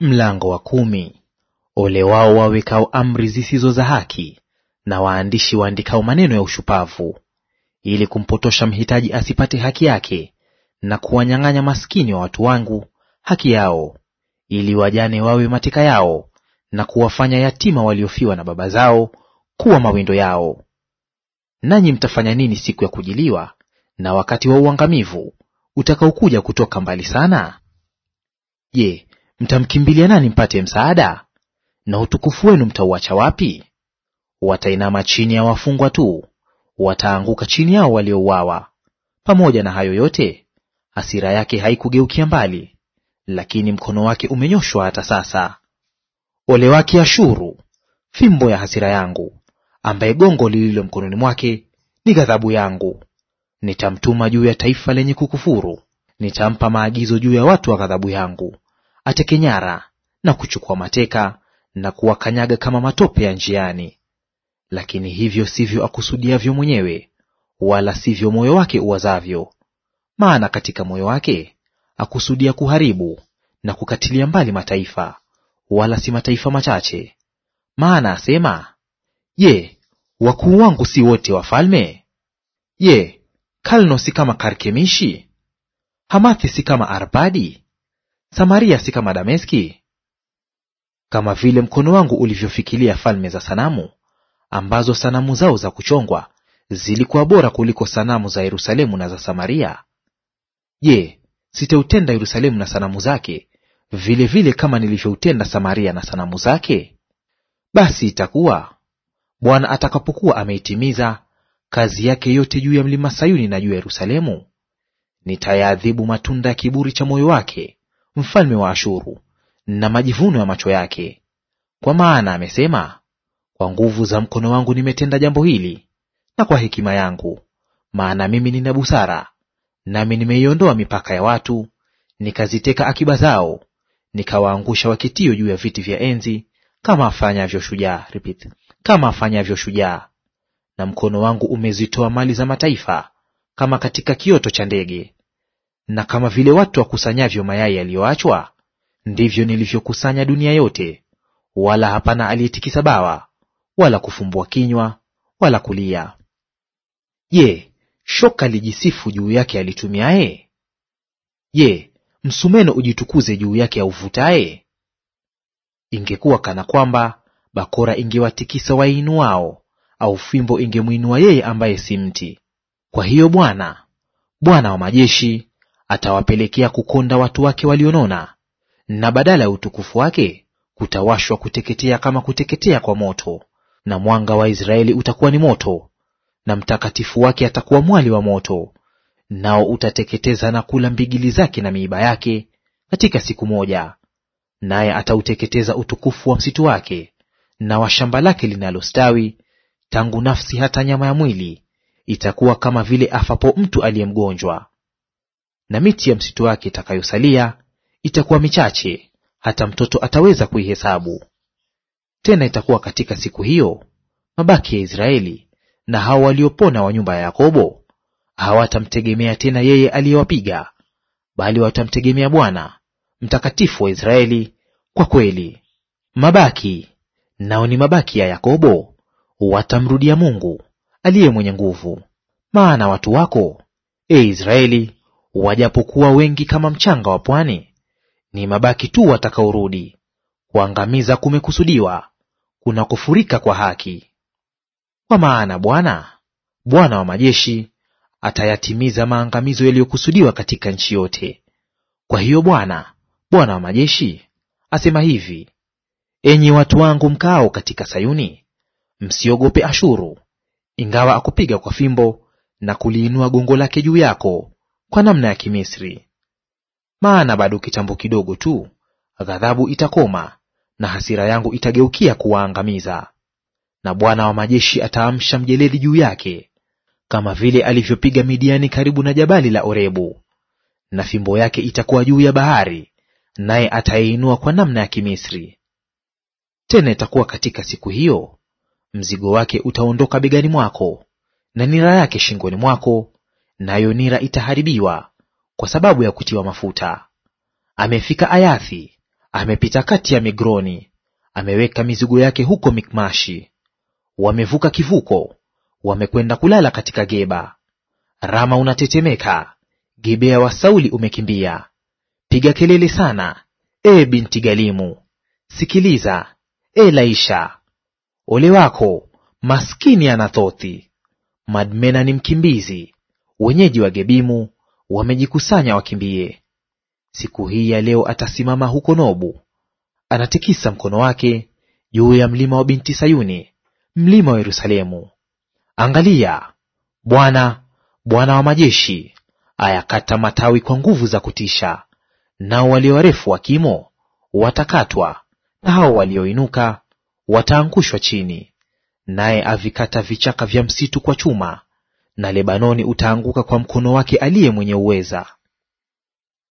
Mlango wa kumi. Ole wao wawekao amri zisizo za haki na waandishi waandikao maneno ya ushupavu, ili kumpotosha mhitaji asipate haki yake, na kuwanyang'anya maskini wa watu wangu haki yao, ili wajane wawe mateka yao, na kuwafanya yatima waliofiwa na baba zao kuwa mawindo yao. Nanyi mtafanya nini siku ya kujiliwa na wakati wa uangamivu utakaokuja kutoka mbali sana? Je, Mtamkimbilia nani mpate msaada? Na utukufu wenu mtauacha wapi? Watainama chini ya wafungwa tu, wataanguka chini yao waliouawa. Pamoja na hayo yote, hasira yake haikugeukia mbali, lakini mkono wake umenyoshwa hata sasa. Ole wake Ashuru, fimbo ya hasira yangu, ambaye gongo lililo mkononi mwake ni ghadhabu yangu. Nitamtuma juu ya taifa lenye kukufuru, nitampa maagizo juu ya watu wa ghadhabu yangu atekenyara na kuchukua mateka na kuwakanyaga kama matope ya njiani. Lakini hivyo sivyo akusudiavyo mwenyewe, wala sivyo moyo wake uwazavyo. Maana katika moyo wake akusudia kuharibu na kukatilia mbali mataifa, wala si mataifa machache. Maana asema, Je, wakuu wangu si wote wafalme? Je, Kalno si kama Karkemishi? Hamathi si kama Arpadi? Samaria si kama Dameski? Kama vile mkono wangu ulivyofikilia falme za sanamu, ambazo sanamu zao za kuchongwa zilikuwa bora kuliko sanamu za Yerusalemu na za Samaria, je, sitautenda Yerusalemu na sanamu zake vilevile vile kama nilivyoutenda Samaria na sanamu zake? Basi itakuwa Bwana atakapokuwa ameitimiza kazi yake yote juu ya mlima Sayuni na juu ya Yerusalemu, nitayaadhibu matunda ya kiburi cha moyo wake mfalme wa Ashuru na majivuno ya macho yake, kwa maana amesema, kwa nguvu za mkono wangu nimetenda jambo hili na kwa hekima yangu, maana mimi nina busara, nami nimeiondoa mipaka ya watu, nikaziteka akiba zao, nikawaangusha wakitio juu ya viti vya enzi, kama afanyavyo shujaa. Repeat, kama afanyavyo shujaa. Na mkono wangu umezitoa mali za mataifa kama katika kioto cha ndege, na kama vile watu wakusanyavyo mayai yaliyoachwa, ndivyo nilivyokusanya dunia yote, wala hapana aliyetikisa bawa, wala kufumbua kinywa, wala kulia. Je, shoka lijisifu juu yake alitumiaye? Je, msumeno ujitukuze juu yake auvutaye? Ingekuwa kana kwamba bakora ingewatikisa wainuao, au fimbo ingemwinua yeye ambaye si mti. Kwa hiyo Bwana, Bwana wa majeshi, atawapelekea kukonda watu wake walionona, na badala ya utukufu wake kutawashwa kuteketea kama kuteketea kwa moto, na mwanga wa Israeli utakuwa ni moto, na mtakatifu wake atakuwa mwali wa moto, nao utateketeza na kula mbigili zake na miiba yake katika siku moja. Naye atauteketeza utukufu wa msitu wake na wa shamba lake linalostawi, tangu nafsi hata nyama ya mwili itakuwa kama vile afapo mtu aliye mgonjwa na miti ya msitu wake itakayosalia itakuwa michache hata mtoto ataweza kuihesabu. Tena itakuwa katika siku hiyo, mabaki ya Israeli na hao waliopona wa nyumba ya Yakobo hawatamtegemea tena yeye aliyewapiga, bali watamtegemea Bwana mtakatifu wa Israeli kwa kweli. Mabaki nao ni mabaki ya Yakobo watamrudia Mungu aliye mwenye nguvu. Maana watu wako, e Israeli, Wajapokuwa wengi kama mchanga wa pwani, ni mabaki tu watakaorudi. Kuangamiza kumekusudiwa, kuna kufurika kwa haki. Kwa maana Bwana, Bwana wa majeshi, atayatimiza maangamizo yaliyokusudiwa katika nchi yote. Kwa hiyo Bwana, Bwana wa majeshi, asema hivi: Enyi watu wangu mkao katika Sayuni, msiogope Ashuru, ingawa akupiga kwa fimbo na kuliinua gongo lake juu yako kwa namna ya Kimisri. Maana bado kitambo kidogo tu ghadhabu itakoma na hasira yangu itageukia kuwaangamiza, na Bwana wa majeshi ataamsha mjeledi juu yake, kama vile alivyopiga Midiani karibu na jabali la Orebu. Na fimbo yake itakuwa juu ya bahari, naye atayeinua kwa namna ya Kimisri. Tena itakuwa katika siku hiyo, mzigo wake utaondoka begani mwako na nira yake shingoni mwako, nayo nira itaharibiwa kwa sababu ya kutiwa mafuta. Amefika Ayathi, amepita kati ya Migroni, ameweka mizigo yake huko Mikmashi. Wamevuka kivuko, wamekwenda kulala katika Geba. Rama unatetemeka, Gibea wa Sauli umekimbia. Piga kelele sana, e binti Galimu, sikiliza, e Laisha. Ole wako maskini Anathothi! Madmena ni mkimbizi, wenyeji wa Gebimu wamejikusanya wakimbie. Siku hii ya leo atasimama huko Nobu, anatikisa mkono wake juu ya mlima wa binti Sayuni, mlima wa Yerusalemu. Angalia, Bwana Bwana wa majeshi ayakata matawi kwa nguvu za kutisha, nao walio warefu wa kimo watakatwa, na hao walioinuka wataangushwa chini. Naye avikata vichaka vya msitu kwa chuma, na Lebanoni utaanguka kwa mkono wake aliye mwenye uweza.